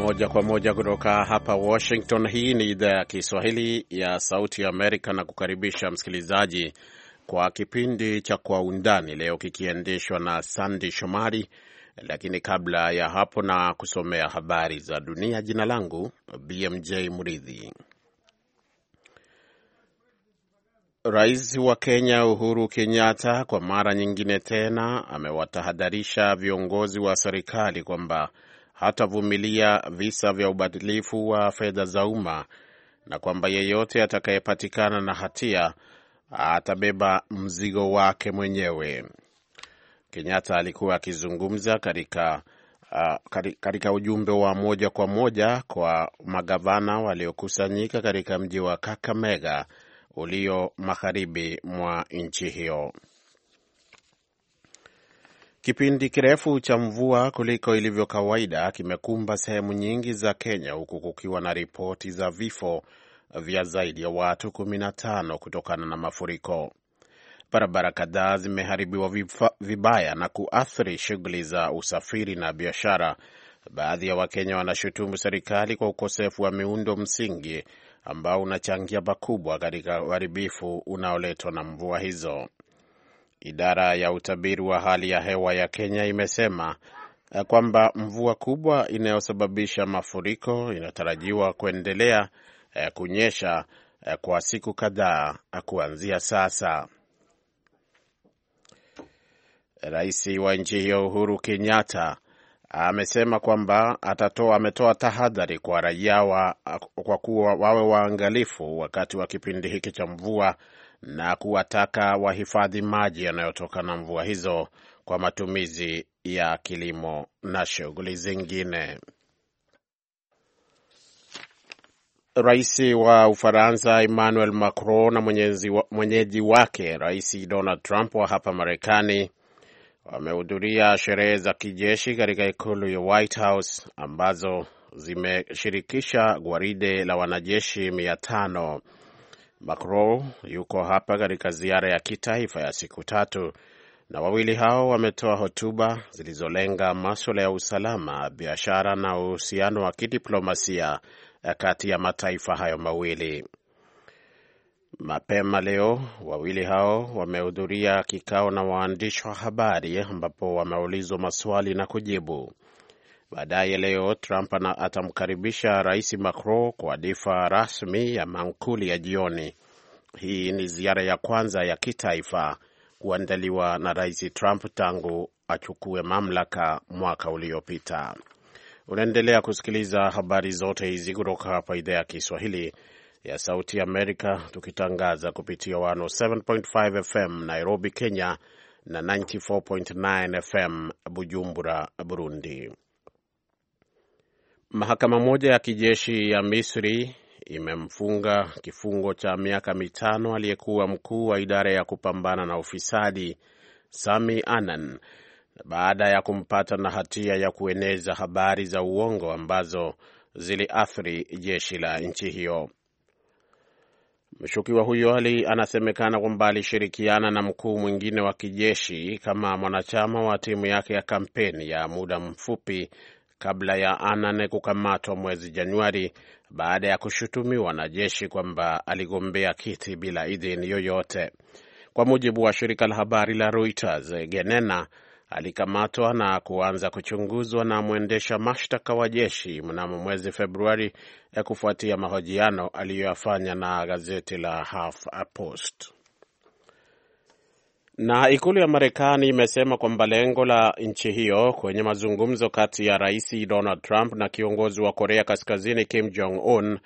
moja kwa moja kutoka hapa Washington. Hii ni idhaa ya Kiswahili ya Sauti ya Amerika na kukaribisha msikilizaji kwa kipindi cha Kwa Undani leo kikiendeshwa na Sandi Shomari. Lakini kabla ya hapo, na kusomea habari za dunia, jina langu BMJ Mridhi. Rais wa Kenya Uhuru Kenyatta kwa mara nyingine tena amewatahadharisha viongozi wa serikali kwamba hatavumilia visa vya ubadilifu wa fedha za umma na kwamba yeyote atakayepatikana na hatia atabeba mzigo wake mwenyewe. Kenyatta alikuwa akizungumza katika uh, katika ujumbe wa moja kwa moja kwa magavana waliokusanyika katika mji wa Kakamega ulio magharibi mwa nchi hiyo. Kipindi kirefu cha mvua kuliko ilivyo kawaida kimekumba sehemu nyingi za Kenya huku kukiwa na ripoti za vifo vya zaidi ya watu 15 kutokana na mafuriko. Barabara kadhaa zimeharibiwa vibaya na kuathiri shughuli za usafiri na biashara. Baadhi ya Wakenya wanashutumu serikali kwa ukosefu wa miundo msingi ambao unachangia pakubwa katika uharibifu unaoletwa na mvua hizo. Idara ya utabiri wa hali ya hewa ya Kenya imesema eh, kwamba mvua kubwa inayosababisha mafuriko inatarajiwa kuendelea eh, kunyesha eh, kwa siku kadhaa kuanzia sasa. Rais wa nchi hiyo Uhuru Kenyatta amesema kwamba atatoa ametoa tahadhari kwa raia wa, kwa kuwa wawe waangalifu wakati wa kipindi hiki cha mvua na kuwataka wahifadhi maji yanayotokana na mvua hizo kwa matumizi ya kilimo na shughuli zingine. Rais wa Ufaransa Emmanuel Macron na wa, mwenyeji wake Rais Donald Trump wa hapa Marekani wamehudhuria sherehe za kijeshi katika ikulu ya White House ambazo zimeshirikisha gwaride la wanajeshi mia tano. Macron yuko hapa katika ziara ya kitaifa ya siku tatu, na wawili hao wametoa hotuba zilizolenga maswala ya usalama, biashara na uhusiano wa kidiplomasia kati ya mataifa hayo mawili. Mapema leo wawili hao wamehudhuria kikao na waandishi wa habari ambapo wameulizwa maswali na kujibu. Baadaye leo Trump atamkaribisha Rais Macron kwa dhifa rasmi ya mankuli ya jioni. Hii ni ziara ya kwanza ya kitaifa kuandaliwa na Rais Trump tangu achukue mamlaka mwaka uliopita. Unaendelea kusikiliza habari zote hizi kutoka hapa idhaa ya Kiswahili ya Sauti Amerika, tukitangaza kupitia 107.5 FM Nairobi, Kenya na 94.9 FM Bujumbura, Burundi. Mahakama moja ya kijeshi ya Misri imemfunga kifungo cha miaka mitano aliyekuwa mkuu wa idara ya kupambana na ufisadi Sami Anan baada ya kumpata na hatia ya kueneza habari za uongo ambazo ziliathiri jeshi la nchi hiyo. Mshukiwa huyo ali anasemekana kwamba alishirikiana na mkuu mwingine wa kijeshi kama mwanachama wa timu yake ya kampeni ya muda mfupi kabla ya Anane kukamatwa mwezi Januari baada ya kushutumiwa na jeshi kwamba aligombea kiti bila idhini yoyote. Kwa mujibu wa shirika la habari la Reuters, Genena alikamatwa na kuanza kuchunguzwa na mwendesha mashtaka wa jeshi mnamo mwezi Februari ya eh, kufuatia mahojiano aliyoyafanya na gazeti la Half Post. Na ikulu ya Marekani imesema kwamba lengo la nchi hiyo kwenye mazungumzo kati ya Rais Donald Trump na kiongozi wa Korea Kaskazini Kim Jong Un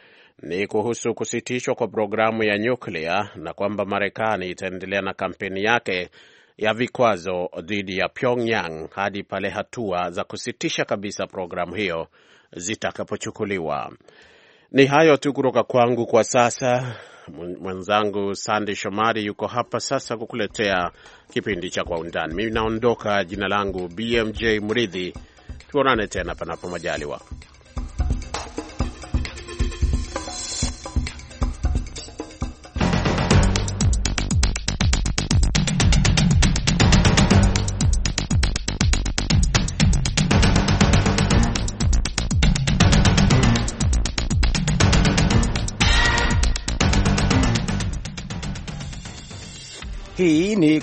ni kuhusu kusitishwa kwa programu ya nyuklia na kwamba Marekani itaendelea na kampeni yake ya vikwazo dhidi ya Pyongyang hadi pale hatua za kusitisha kabisa programu hiyo zitakapochukuliwa. Ni hayo tu kutoka kwangu kwa sasa. Mwenzangu Sandi Shomari yuko hapa sasa kukuletea kipindi cha Kwa Undani. Mimi naondoka, jina langu BMJ Mridhi. Tuonane tena panapo majaliwa.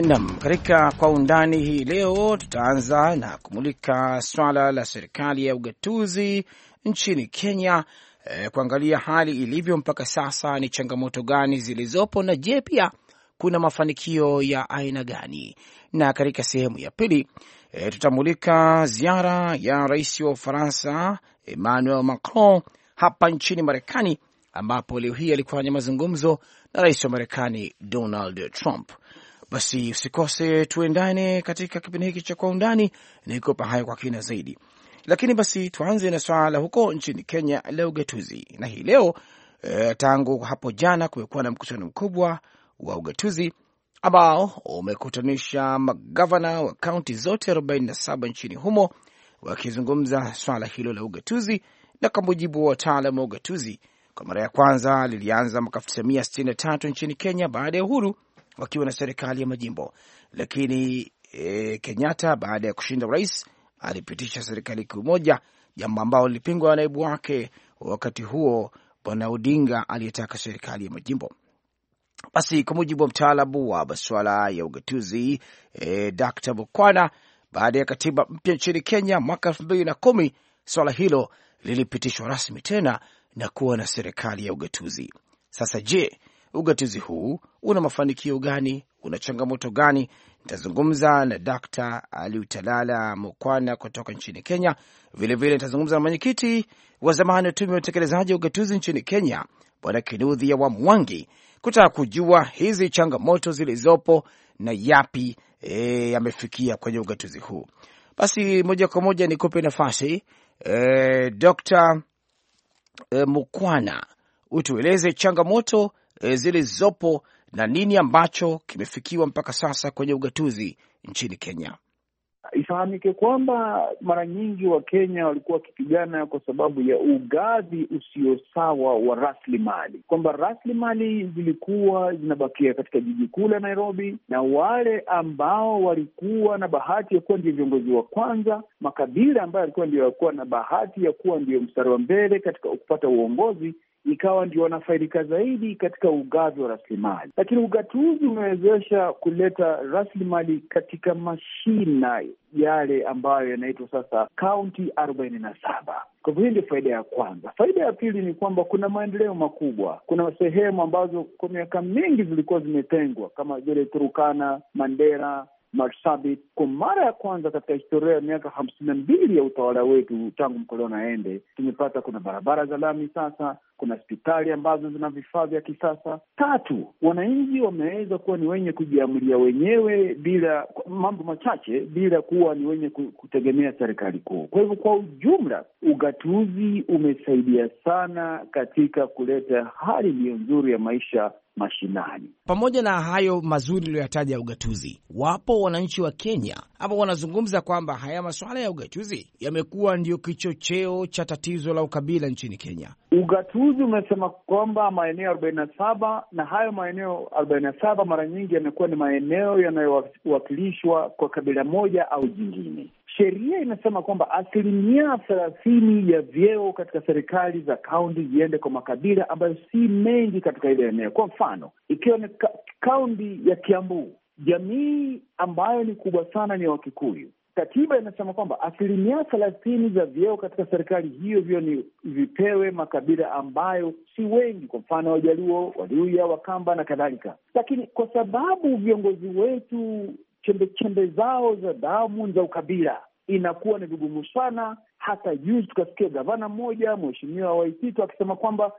Nam, katika kwa undani hii leo tutaanza na kumulika swala la serikali ya ugatuzi nchini Kenya, e, kuangalia hali ilivyo mpaka sasa, ni changamoto gani zilizopo, na je, pia kuna mafanikio ya aina gani? Na katika sehemu ya pili e, tutamulika ziara ya rais wa Ufaransa Emmanuel Macron hapa nchini Marekani, ambapo leo hii alikufanya mazungumzo na rais wa Marekani Donald Trump. Basi usikose tuendane katika kipindi hiki cha kwa undani na hayo kwa kina zaidi. Lakini basi tuanze na swala la huko nchini Kenya la ugatuzi. Na hii leo eh, tangu hapo jana kumekuwa na mkutano mkubwa wa ugatuzi ambao umekutanisha magavana wa kaunti zote 47 nchini humo wakizungumza swala hilo la ugatuzi, na kwa mujibu wa wataalam wa ugatuzi, kwa mara ya kwanza lilianza mwaka 1963 nchini Kenya baada ya uhuru wakiwa na serikali ya majimbo, lakini e, Kenyatta baada ya kushinda urais alipitisha serikali kuu moja, jambo ambalo lilipingwa na naibu wake wakati huo Bwana Odinga aliyetaka serikali ya majimbo. Basi kwa mujibu wa mtaalamu wa masuala ya ugatuzi e, Dr. Bukwana, baada ya katiba mpya nchini Kenya mwaka elfu mbili na kumi swala hilo lilipitishwa rasmi tena na kuwa na serikali ya ugatuzi. Sasa je, ugatuzi huu una mafanikio gani, una changamoto gani? Nitazungumza na Dr. Aliutalala Mukwana kutoka nchini Kenya. Vilevile nitazungumza na mwenyekiti wa zamani wa tume ya utekelezaji wa ugatuzi nchini Kenya, Bwana Kinudhia wa Mwangi, kutaka kujua hizi changamoto zilizopo na yapi e, yamefikia kwenye ugatuzi huu. Basi moja kwa moja nikupe nafasi e, Dr. e, Mukwana, utueleze changamoto e, zilizopo na nini ambacho kimefikiwa mpaka sasa kwenye ugatuzi nchini Kenya. Ifahamike kwamba mara nyingi Wakenya walikuwa wakipigana kwa sababu ya ugavi usio sawa wa rasilimali, kwamba rasilimali zilikuwa zinabakia katika jiji kuu la Nairobi, na wale ambao walikuwa na bahati ya kuwa ndio viongozi wa kwanza, makabila ambayo alikuwa ndio yakuwa na bahati ya kuwa ndio mstari wa mbele katika kupata uongozi ikawa ndio wanafaidika zaidi katika ugavi wa rasilimali, lakini ugatuzi umewezesha kuleta rasilimali katika mashina yale ambayo yanaitwa sasa kaunti arobaini na saba. Kwa hivyo hii ndio faida ya kwanza. Faida ya pili ni kwamba kuna maendeleo makubwa. Kuna sehemu ambazo kwa miaka mingi zilikuwa zimetengwa kama vile Turukana, Mandera Marsabit kwa mara ya kwanza katika historia ya miaka hamsini na mbili ya utawala wetu tangu mkoloni aende, tumepata kuna barabara za lami sasa, kuna hospitali ambazo zina vifaa vya kisasa. Tatu, wananchi wameweza kuwa ni wenye kujiamulia wenyewe bila mambo machache, bila kuwa ni wenye kutegemea serikali kuu. Kwa hivyo, kwa ujumla, ugatuzi umesaidia sana katika kuleta hali iliyo nzuri ya maisha mashinani. Pamoja na hayo mazuri uliyoyataja ya ugatuzi, wapo wananchi wa Kenya ambao wanazungumza kwamba haya masuala ya ugatuzi yamekuwa ndiyo kichocheo cha tatizo la ukabila nchini Kenya. Ugatuzi umesema kwamba maeneo arobaini na saba na hayo maeneo arobaini na saba mara nyingi yamekuwa ni maeneo yanayowakilishwa kwa kabila moja au jingine sheria inasema kwamba asilimia thelathini ya vyeo katika serikali za kaunti iende kwa makabila ambayo si mengi katika ile eneo. Kwa mfano, ikiwa ni kaunti ya Kiambu, jamii ambayo ni kubwa sana ni ya Wakikuyu. Katiba inasema kwamba asilimia thelathini za vyeo katika serikali hiyo vyo ni vipewe makabila ambayo si wengi, kwa mfano Wajaluo, Waluya, Wakamba na kadhalika. Lakini kwa sababu viongozi wetu chembechembe zao za damu za ukabila, inakuwa ni vigumu sana. Hata juzi tukasikia gavana mmoja, mheshimiwa Waititu, akisema kwamba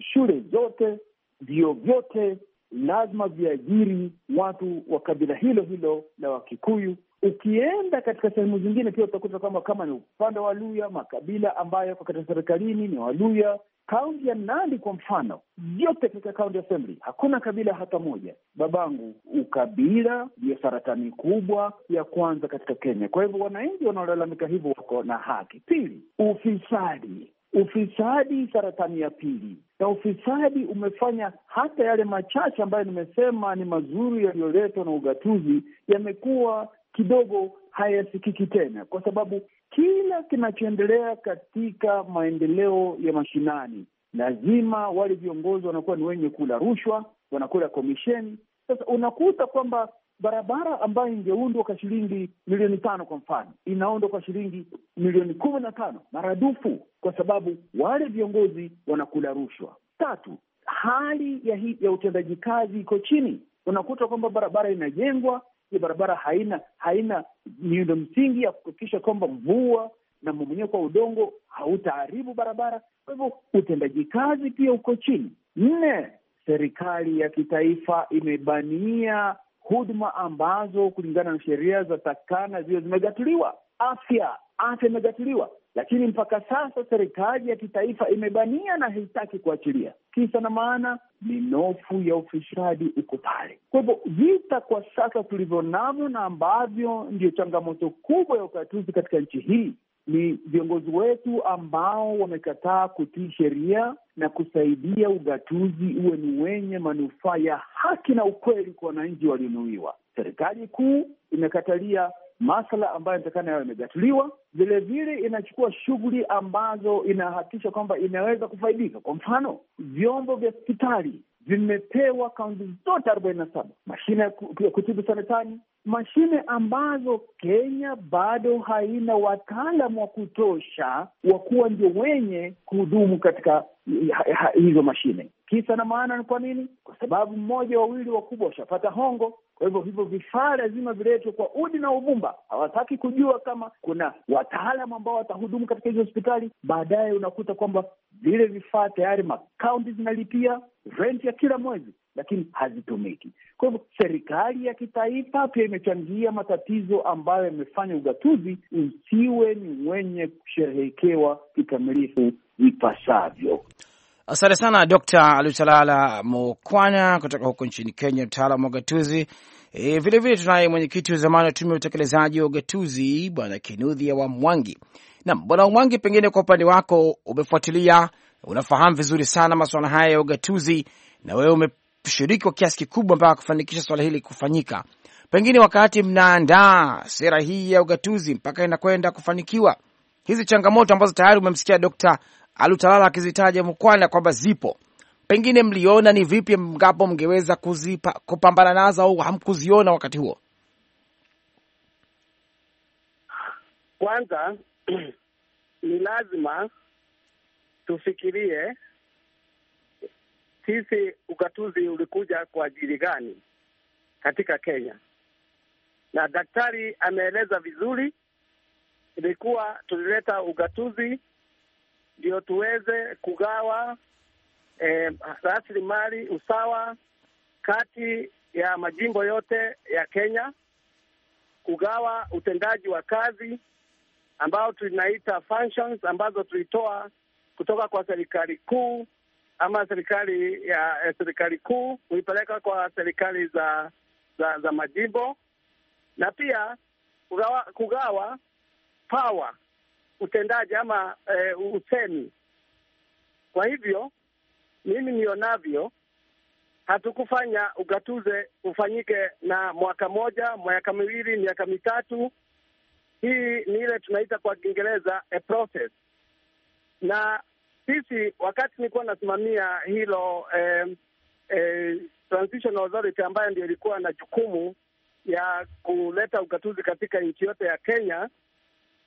shule zote, vyuo vyote lazima viajiri watu wa kabila hilo hilo la Wakikuyu. Ukienda katika sehemu zingine pia utakuta kwamba kama ni upande wa Luya, makabila ambayo yako katika serikalini ni Waluya, Kaunti ya Nandi kwa mfano, yote katika kaunti assembly hakuna kabila hata moja. Babangu, ukabila ndiyo saratani kubwa ya kwanza katika Kenya. Kwa hivyo wananchi wanaolalamika hivyo wako na haki. Pili, ufisadi. Ufisadi saratani ya pili, na ufisadi umefanya hata yale machache ambayo nimesema ni mazuri yaliyoletwa na ugatuzi yamekuwa kidogo hayasikiki tena, kwa sababu kila kinachoendelea katika maendeleo ya mashinani, lazima wale viongozi wanakuwa ni wenye kula rushwa, wanakula komisheni. Sasa unakuta kwamba barabara ambayo ingeundwa kwa shilingi milioni tano kwa mfano inaundwa kwa shilingi milioni kumi na tano maradufu, kwa sababu wale viongozi wanakula rushwa. Tatu, hali ya, ya utendaji kazi iko chini. Unakuta kwamba barabara inajengwa ile barabara haina haina miundo msingi ya kuhakikisha kwamba mvua na mmomonyoko wa udongo hautaharibu barabara. Kwa hivyo utendaji kazi pia uko chini. Nne, serikali ya kitaifa imebania huduma ambazo kulingana na sheria za takana ziwe zimegatuliwa. Afya afya imegatiliwa lakini mpaka sasa serikali ya kitaifa imebania na haitaki kuachilia. Kisa na maana, minofu ya ufisadi uko pale. Kwa hivyo vita kwa sasa tulivyo navyo na ambavyo ndiyo changamoto kubwa ya ugatuzi katika nchi hii ni viongozi wetu ambao wamekataa kutii sheria na kusaidia ugatuzi uwe ni wenye manufaa ya haki na ukweli kwa wananchi walionuiwa. Serikali kuu imekatalia masala ambayo inatakana yayo yamejadiliwa. Vilevile inachukua shughuli ambazo inahakikisha kwamba inaweza kufaidika. Kwa mfano, vyombo vya hospitali vimepewa kaunti zote arobaini na saba mashine ya kutibu saratani, mashine ambazo Kenya bado haina wataalamu wa kutosha wa kuwa ndio wenye kuhudumu katika hizo mashine. Kisa na maana ni kwa nini? Kwa sababu mmoja wawili wakubwa washapata hongo, kwa hivyo hivyo vifaa lazima viletwe kwa udi na uvumba. Hawataki kujua kama kuna wataalamu ambao watahudumu katika hizo hospitali. Baadaye unakuta kwamba vile vifaa tayari makaunti zinalipia rent ya kila mwezi, lakini hazitumiki. Kwa hivyo serikali ya kitaifa pia imechangia matatizo ambayo yamefanya ugatuzi usiwe ni mwenye kusherehekewa kikamilifu ipasavyo. Asante sana Dr. Lutalala Mokwana kutoka huko nchini Kenya, mtaalamu wa gatuzi. E, vile vile tunaye mwenyekiti wa zamani wa tume ya utekelezaji wa ugatuzi Bwana Kinudhia wa Mwangi. Naam, Bwana Mwangi, pengine kwa upande wako umefuatilia, unafahamu vizuri sana masuala haya ya ugatuzi na wewe umeshiriki kwa kiasi kikubwa mpaka kufanikisha swala hili kufanyika. Pengine wakati mnaandaa sera hii ya ugatuzi mpaka inakwenda kufanikiwa, hizi changamoto ambazo tayari umemsikia Dr. Alutalala akizitaja Mkwana kwamba zipo, pengine mliona ni vipi mgapo mngeweza kuzipa kupambana nazo au hamkuziona wakati huo? Kwanza ni lazima tufikirie sisi ugatuzi ulikuja kwa ajili gani katika Kenya, na daktari ameeleza vizuri, ilikuwa tulileta ugatuzi ndio tuweze kugawa eh, rasilimali usawa kati ya majimbo yote ya Kenya, kugawa utendaji wa kazi ambao tunaita functions ambazo tulitoa kutoka kwa serikali kuu ama serikali ya eh, serikali kuu kuipeleka kwa serikali za za, za majimbo na pia kugawa, kugawa power utendaji ama e, usemi. Kwa hivyo mimi nionavyo, hatukufanya ugatuze ufanyike na mwaka moja, miaka miwili, miaka mitatu. Hii ni ile tunaita kwa Kiingereza a process, na sisi wakati nilikuwa nasimamia hilo eh, eh, Transition Authority ambayo ndio ilikuwa na jukumu ya kuleta ugatuzi katika nchi yote ya Kenya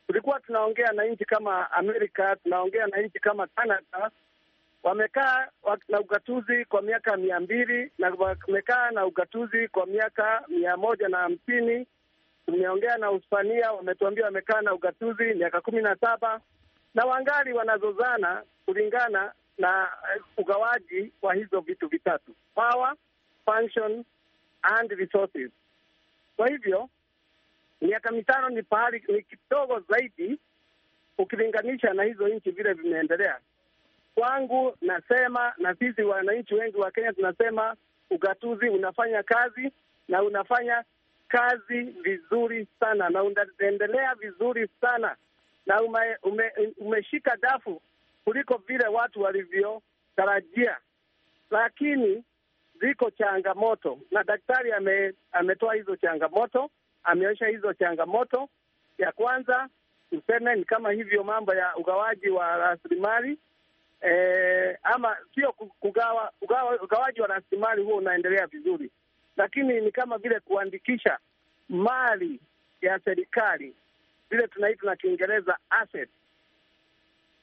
tulikuwa tunaongea na nchi kama Amerika, tunaongea na nchi kama Canada. Wamekaa na ugatuzi kwa miaka mia mbili na wamekaa na ugatuzi kwa miaka mia moja na hamsini. Tumeongea na Uhispania, wametuambia wamekaa na ugatuzi miaka kumi na saba na wangali wanazozana kulingana na eh, ugawaji wa hizo vitu vitatu: power, function and resources. Kwa hivyo Miaka mitano ni pahali ni kidogo zaidi ukilinganisha na hizo nchi vile vimeendelea. Kwangu nasema, na sisi wananchi wengi wa Kenya tunasema ugatuzi unafanya kazi na unafanya kazi vizuri sana na unaendelea vizuri sana na ume, ume, umeshika dafu kuliko vile watu walivyotarajia, lakini ziko changamoto na daktari ame, ametoa hizo changamoto ameonyesha hizo changamoto. Ya kwanza tuseme ni kama hivyo mambo ya ugawaji wa rasilimali e, ama sio kugawa, ugawa, ugawaji wa rasilimali huo unaendelea vizuri, lakini ni kama vile kuandikisha mali ya serikali vile tunaita na Kiingereza asset.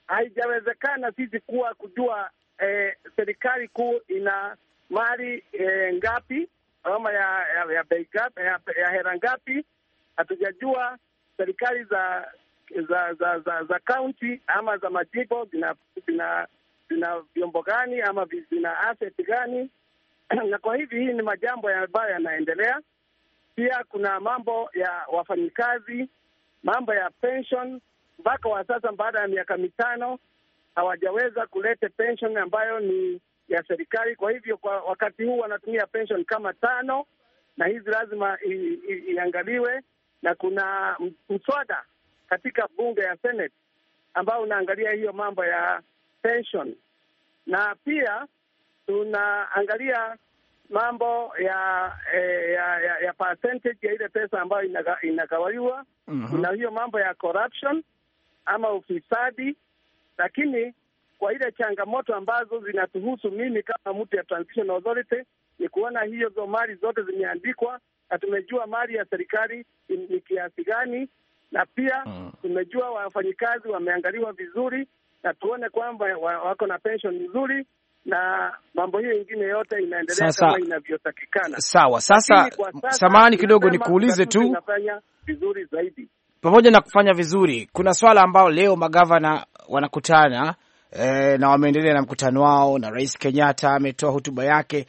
Haijawezekana sisi kuwa kujua e, serikali kuu ina mali e, ngapi gharama ya ya, ya, bei ngapi, ya, ya hera ngapi hatujajua. Serikali za za za za za kaunti ama za majimbo zina zina zina vyombo gani ama zina asset gani? na kwa hivi hii ni majambo ambayo ya yanaendelea. Pia kuna mambo ya wafanyikazi, mambo ya pension. Mpaka wa sasa baada ya miaka mitano hawajaweza kuleta pension ambayo ni ya serikali. Kwa hivyo kwa wakati huu wanatumia pension kama tano, na hizi lazima iangaliwe, na kuna mswada katika bunge ya Senate ambao unaangalia hiyo mambo ya pension, na pia tunaangalia mambo ya eh, ya, ya, ya percentage ya ile pesa ambayo inagawaliwa mm -hmm. Kuna hiyo mambo ya corruption ama ufisadi, lakini kwa ile changamoto ambazo zinatuhusu mimi kama mtu ya Transition Authority ni kuona hizo mali zote zimeandikwa na tumejua mali ya serikali ni kiasi gani, na pia mm. tumejua wafanyikazi wameangaliwa vizuri, na tuone kwamba wako na pension nzuri na mambo hiyo ingine yote inaendelea kama inavyotakikana. Sawa. Sasa samahani kidogo, nikuulize tu, vizuri zaidi. Pamoja na kufanya vizuri, kuna swala ambayo leo magavana wanakutana e, na wameendelea na mkutano wao na Rais Kenyatta ametoa hotuba yake,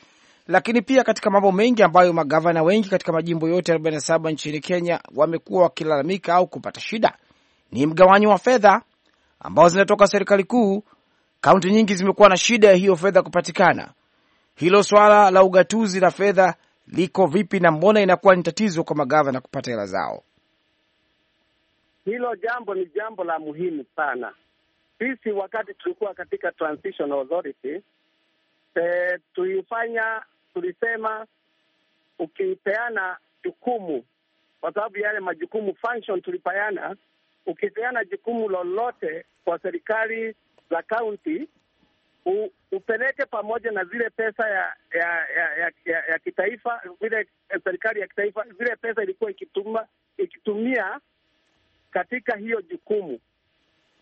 lakini pia katika mambo mengi ambayo magavana wengi katika majimbo yote 47 nchini Kenya wamekuwa wakilalamika au kupata shida ni mgawanyo wa fedha ambao zinatoka serikali kuu. Kaunti nyingi zimekuwa na shida ya hiyo fedha kupatikana. Hilo swala la ugatuzi la fedha liko vipi, na mbona inakuwa ni tatizo kwa magavana kupata hela zao? Hilo jambo ni jambo la muhimu sana, sisi wakati tulikuwa katika transition authority e, tuifanya tulisema, ukipeana jukumu, kwa sababu yale majukumu function tulipeana, ukipeana jukumu lolote kwa serikali za kaunti upeleke pamoja na zile pesa ya ya ya, ya, ya, ya kitaifa, vile serikali ya kitaifa, zile pesa ilikuwa ikituma ikitumia katika hiyo jukumu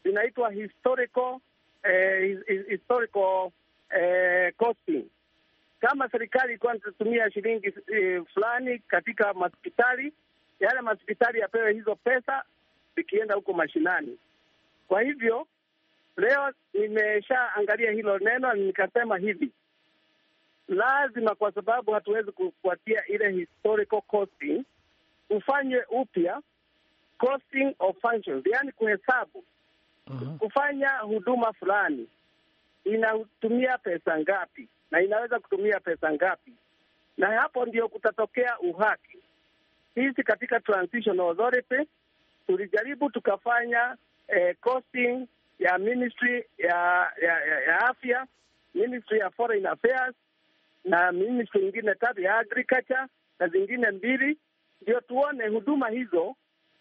zinaitwa historical eh, historical eh, costing. Kama serikali ilikuwa inatumia shilingi eh, fulani katika hospitali, yale, hospitali yapewe hizo pesa zikienda huko mashinani. Kwa hivyo leo nimeshaangalia hilo neno nikasema hivi lazima, kwa sababu hatuwezi kufuatia ile historical costing, ufanywe upya costing of functions, yaani kuhesabu -huh. Mhm. Kufanya huduma fulani inatumia pesa ngapi na inaweza kutumia pesa ngapi, na hapo ndio kutatokea uhaki. Sisi katika Authority tulijaribu tukafanya eh, costing ya ministry ya ya, ya ya afya, ministry ya foreign affairs na ministry nyingine tatu ya agriculture na zingine mbili, ndio tuone huduma hizo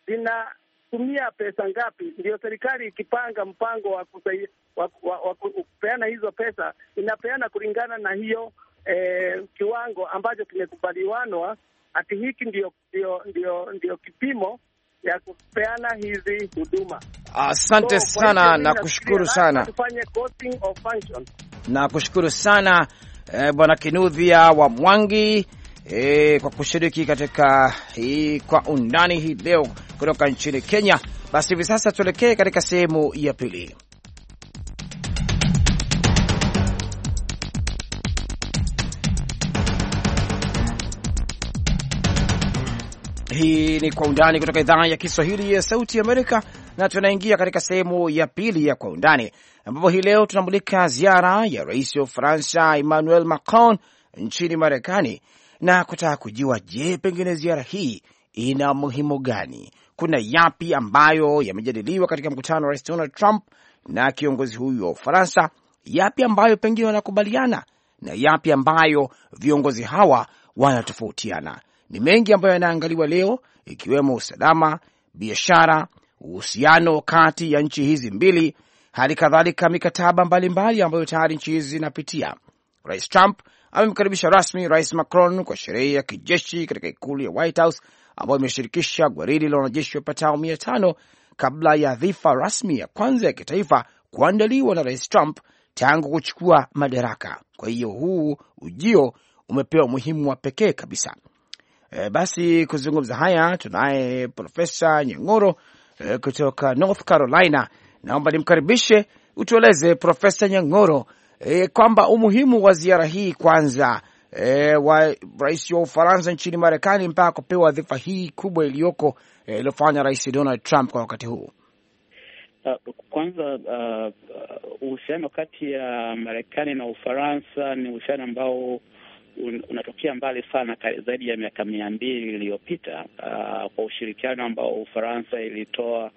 zina tumia pesa ngapi, ndio serikali ikipanga mpango wa kusaidia wa kupeana hizo pesa inapeana kulingana na hiyo eh, kiwango ambacho kimekubaliwanwa, ati hiki ndio, ndio, ndio, ndio kipimo ya kupeana hizi huduma. Asante so, sana na kushukuru sana na kushukuru sana eh, Bwana Kinudhia wa Mwangi e, kwa kushiriki katika hii kwa undani hii leo kutoka nchini Kenya. Basi hivi sasa tuelekee katika sehemu ya pili. Hii ni Kwa Undani kutoka idhaa ya Kiswahili ya Sauti ya Amerika, na tunaingia katika sehemu ya pili ya Kwa Undani, ambapo hii leo tunamulika ziara ya rais wa Ufaransa Emmanuel Macron nchini Marekani na kutaka kujua, je, pengine ziara hii ina muhimu gani? Kuna yapi ambayo yamejadiliwa katika mkutano wa Rais Donald Trump na kiongozi huyu wa Ufaransa? Yapi ambayo pengine wanakubaliana na yapi ambayo viongozi hawa wanatofautiana? Ni mengi ambayo yanaangaliwa leo, ikiwemo usalama, biashara, uhusiano kati ya nchi hizi mbili, hali kadhalika mikataba mbalimbali ambayo tayari nchi hizi zinapitia. Rais Trump amemkaribisha rasmi Rais Macron kwa sherehe ya kijeshi katika ikulu ya White House ambayo imeshirikisha gwaridi la wanajeshi wapatao mia tano kabla ya dhifa rasmi ya kwanza ya kitaifa kuandaliwa na Rais Trump tangu kuchukua madaraka. Kwa hiyo huu ujio umepewa umuhimu wa pekee kabisa. E, basi kuzungumza haya tunaye Profesa Nyang'oro e, kutoka North Carolina. Naomba nimkaribishe, utueleze Profesa Nyang'oro e, kwamba umuhimu wa ziara hii kwanza e, wa rais wa Ufaransa nchini Marekani mpaka kupewa wadhifa hii kubwa iliyoko e, iliyofanya e, Rais Donald Trump kwa wakati huu? Uh, kwanza uh, uh, uhusiano kati ya Marekani na Ufaransa ni uhusiano ambao unatokea mbali sana, zaidi ya miaka mia mbili iliyopita, uh, kwa ushirikiano ambao Ufaransa ilitoa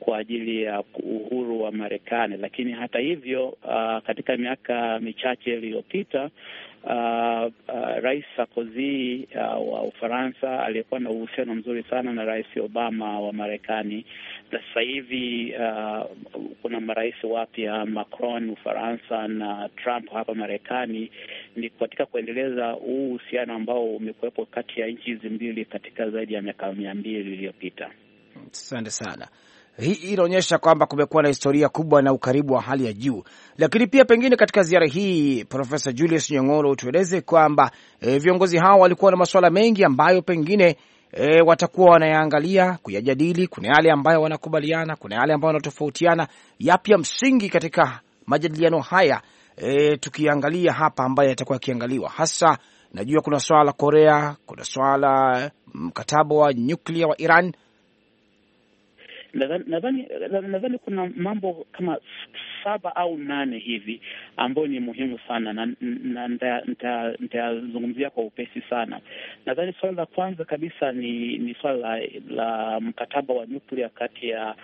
kwa ajili ya uhuru wa Marekani. Lakini hata hivyo, uh, katika miaka michache iliyopita Uh, uh, Rais Sarkozy uh, wa Ufaransa aliyekuwa na uhusiano mzuri sana na Rais Obama wa Marekani, na sasa hivi uh, kuna marais wapya Macron Ufaransa na Trump hapa Marekani, ni katika kuendeleza huu uhusiano ambao umekuwepo kati ya nchi hizi mbili katika zaidi ya miaka mia mbili iliyopita. Asante sana. Hii inaonyesha kwamba kumekuwa na historia kubwa na ukaribu wa hali ya juu. Lakini pia pengine katika ziara hii, Profesa Julius Nyong'oro, utueleze kwamba e, viongozi hao walikuwa na masuala mengi ambayo pengine e, watakuwa wanayaangalia kuyajadili. Kuna yale ambayo wanakubaliana, kuna yale ambayo wanatofautiana. Yapya msingi katika majadiliano haya e, tukiangalia hapa ambayo yatakuwa yakiangaliwa hasa? Najua kuna swala la Korea, kuna swala mkataba wa nyuklia wa Iran nadhani nadhani kuna mambo kama saba au nane hivi ambayo ni muhimu sana na, na, nitayazungumzia kwa upesi sana. Nadhani suala la kwanza kabisa ni ni suala la, la mkataba wa nyuklia kati ya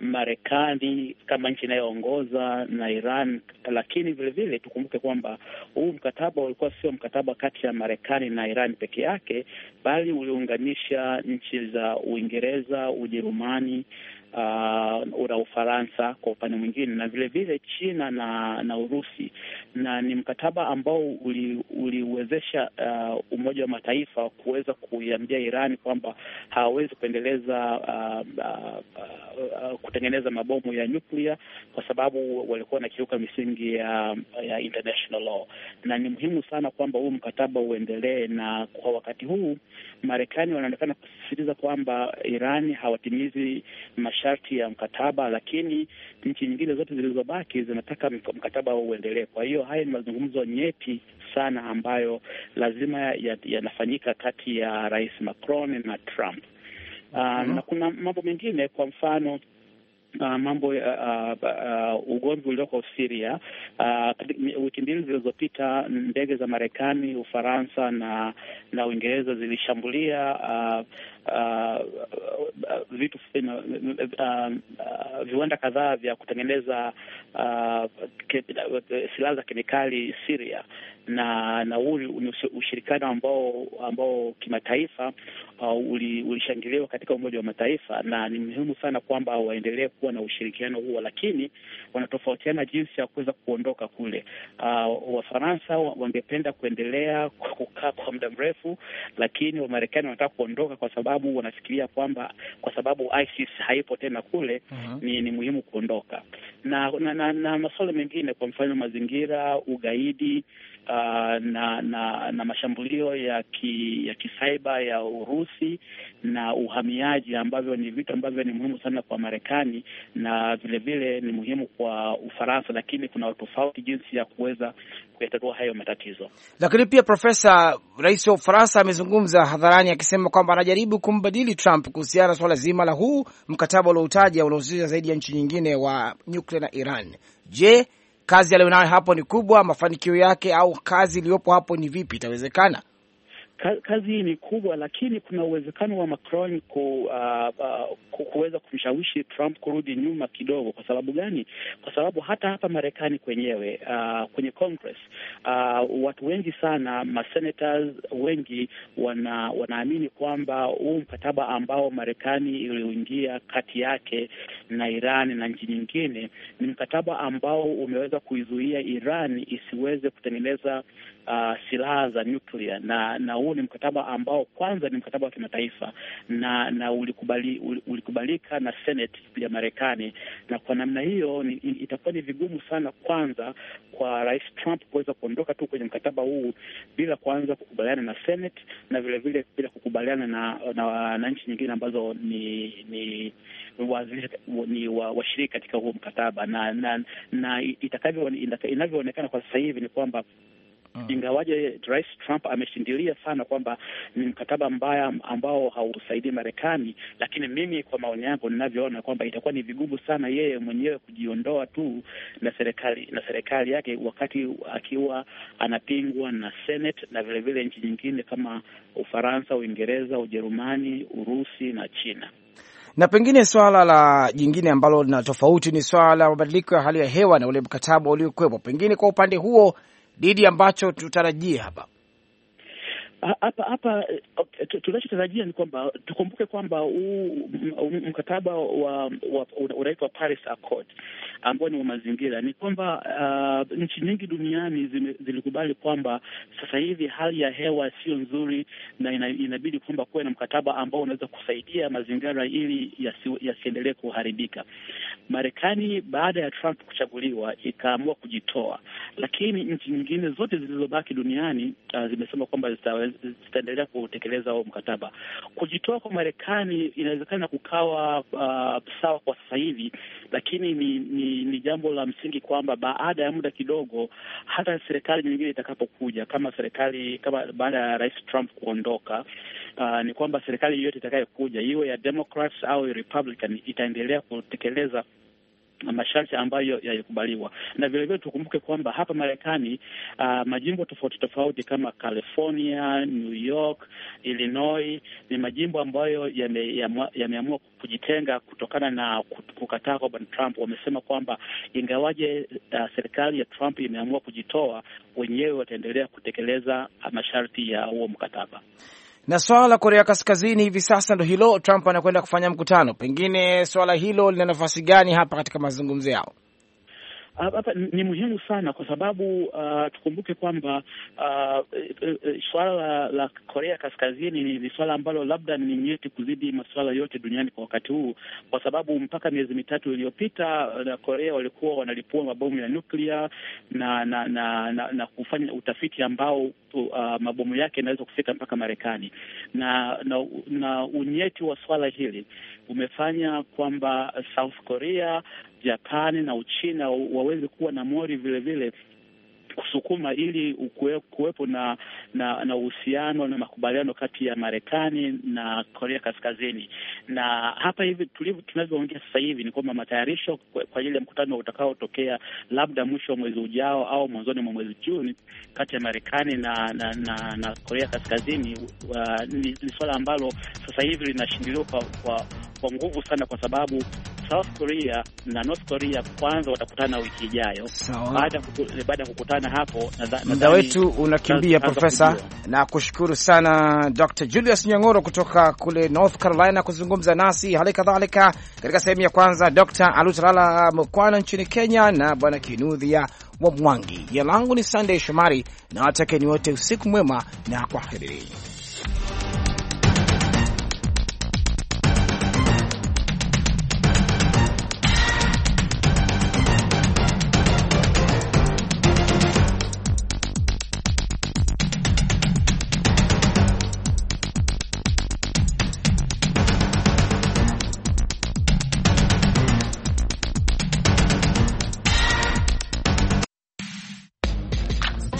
Marekani kama nchi inayoongoza na Iran, lakini vilevile tukumbuke kwamba huu mkataba ulikuwa sio mkataba kati ya Marekani na Iran peke yake, bali uliunganisha nchi za Uingereza, Ujerumani uh, Ufaransa kwa upande mwingine na vilevile vile China na na Urusi, na ni mkataba ambao uliwezesha uli uh, Umoja wa Mataifa kuweza kuiambia Irani kwamba hawawezi kuendeleza uh, uh, uh, uh, kutengeneza mabomu ya nyuklia kwa sababu walikuwa wanakiuka misingi ya, ya international law, na ni muhimu sana kwamba huu mkataba uendelee. Na kwa wakati huu Marekani wanaonekana kusisitiza kwamba Irani hawatimizi mash masharti ya mkataba, lakini nchi nyingine zote zilizobaki zinataka mkataba huu uendelee. Kwa hiyo haya ni mazungumzo nyeti sana ambayo lazima yanafanyika ya kati ya Rais Macron na Trump. Uh, mm -hmm. Na kuna mambo mengine, kwa mfano Uh, mambo uh, uh, ugomvi ulioko Siria uh, wiki mbili zilizopita ndege za Marekani, Ufaransa na na Uingereza zilishambulia uh, uh, vitu uh, uh, viwanda kadhaa vya kutengeneza uh, silaha za kemikali siria na na huu ni ushirikiano ambao ambao kimataifa uh, ulishangiliwa katika Umoja wa Mataifa, na ni muhimu sana kwamba waendelee kuwa na ushirikiano huo, lakini wanatofautiana jinsi ya kuweza kuondoka kule. Uh, Wafaransa wangependa kuendelea kukaa kwa muda mrefu, lakini Wamarekani wanataka kuondoka kwa sababu wanafikiria kwamba kwa sababu ISIS haipo tena kule uh mhm. -huh. Ni, ni muhimu kuondoka na na, na, na masuala mengine, kwa mfano mazingira, ugaidi uh, na na na mashambulio ya ki, ya kisaiba ya Urusi na uhamiaji ambavyo ni vitu ambavyo ni muhimu sana kwa Marekani na vilevile ni muhimu kwa Ufaransa, lakini kuna tofauti jinsi ya kuweza kuyatatua hayo matatizo. Lakini pia Profesa, rais wa Ufaransa amezungumza hadharani akisema kwamba anajaribu kumbadili Trump kuhusiana na swala zima la huu mkataba ulioutaja unaozuia zaidi ya nchi nyingine wa nyuklia na Iran. Je, kazi aliyonayo hapo ni kubwa, mafanikio yake au kazi iliyopo hapo ni vipi, itawezekana? kazi hii ni kubwa, lakini kuna uwezekano wa Macron ku, uh, uh, kuweza kumshawishi Trump kurudi nyuma kidogo. Kwa sababu gani? Kwa sababu hata hapa Marekani kwenyewe, uh, kwenye Congress, uh, watu wengi sana, masenators wengi wana, wanaamini kwamba huu mkataba ambao Marekani iliyoingia kati yake na Iran na nchi nyingine ni mkataba ambao umeweza kuizuia Iran isiweze kutengeneza uh, silaha za nuclear na, na huu ni mkataba ambao kwanza ni mkataba wa kimataifa na na ulikubali, ulikubalika na Senate ya Marekani, na kwa namna hiyo itakuwa ni vigumu sana kwanza kwa Rais Trump kuweza kuondoka tu kwenye mkataba huu bila kuanza kukubaliana na Senate na vilevile vile bila kukubaliana na na, na nchi nyingine ambazo ni ni ni washiriki katika huo mkataba na na, na inavyoonekana kwa sasa hivi ni kwamba mm. Ingawaje Rais Trump ameshindilia sana kwamba ni mkataba mbaya ambao hausaidii Marekani, lakini mimi kwa maoni yangu ninavyoona kwamba itakuwa ni vigumu sana yeye mwenyewe kujiondoa tu na serikali na serikali yake, wakati akiwa anapingwa na Senate na vilevile nchi nyingine kama Ufaransa, Uingereza, Ujerumani, Urusi na China na pengine swala la jingine ambalo lina tofauti ni swala la mabadiliko ya hali ya hewa na ule mkataba uliokuwepo. Pengine kwa upande huo nini ambacho tutarajie hapa? hapa hapa eh, tunachotarajia ni kwamba tukumbuke kwamba huu mkataba wa, unaitwa Paris Accord ambao ni wa mazingira, ni kwamba uh, nchi nyingi duniani zime, zilikubali kwamba sasa hivi hali ya hewa sio nzuri, na ina, inabidi kwamba kuwe na mkataba ambao unaweza kusaidia mazingira ili yasiendelee yasi kuharibika. Marekani baada ya Trump kuchaguliwa ikaamua kujitoa, lakini nchi nyingine zote zilizobaki duniani uh, zimesema kwamba zitaweza zitaendelea kutekeleza huo mkataba. Kujitoa kwa Marekani inawezekana kukawa uh, sawa kwa sasa hivi, lakini ni, ni, ni jambo la msingi kwamba baada ya muda kidogo, hata serikali nyingine itakapokuja, kama serikali kama baada ya Rais Trump kuondoka, uh, ni kwamba serikali yoyote itakayokuja iwe ya Democrats au Republican itaendelea kutekeleza masharti ambayo yalikubaliwa na vilevile, tukumbuke kwamba hapa Marekani uh, majimbo tofauti tofauti kama California, New York, Illinois ni majimbo ambayo yameamua yame kujitenga kutokana na kukataa kwa bwana Trump. Wamesema kwamba ingawaje uh, serikali ya Trump imeamua kujitoa, wenyewe wataendelea kutekeleza masharti ya huo mkataba na swala la Korea Kaskazini hivi sasa ndo hilo Trump anakwenda kufanya mkutano, pengine swala hilo lina nafasi gani hapa katika mazungumzo yao? hapa ni muhimu sana kwa sababu uh, tukumbuke kwamba uh, uh, uh suala la, la Korea Kaskazini ni suala ambalo labda ni nyeti kuzidi masuala yote duniani kwa wakati huu, kwa sababu mpaka miezi mitatu iliyopita uh, na Korea walikuwa wanalipua mabomu ya nuklia na na, na, na, na kufanya utafiti ambao uh, mabomu yake yanaweza kufika mpaka Marekani na, na, na unyeti wa swala hili umefanya kwamba South Korea, Japani na Uchina waweze kuwa na mori vilevile vile kusukuma ili kuwepo na na uhusiano na, na makubaliano kati ya Marekani na Korea Kaskazini. Na hapa hivi tunavyoongea sasa hivi ni kwamba matayarisho kwa ajili ya mkutano utakaotokea labda mwisho wa mwezi ujao au mwanzoni mwa mwezi Juni kati ya Marekani na na, na na Korea Kaskazini uh, ni, ni suala ambalo sasa hivi linashindiliwa kwa kwa nguvu sana, kwa sababu South Korea na North Korea kwanza watakutana wiki ijayo. Baada eh, baada ya kukutana hapo, muda wetu unakimbia Profesa, na kushukuru sana Dr. Julius Nyang'oro kutoka kule North Carolina kuzungumza nasi, hali kadhalika katika sehemu ya kwanza Dr. Alutalala Mkwana nchini Kenya na Bwana Kinudhia wa Mwangi. Jina langu ni Sunday Shomari na watakeni wote usiku mwema na kwaheri.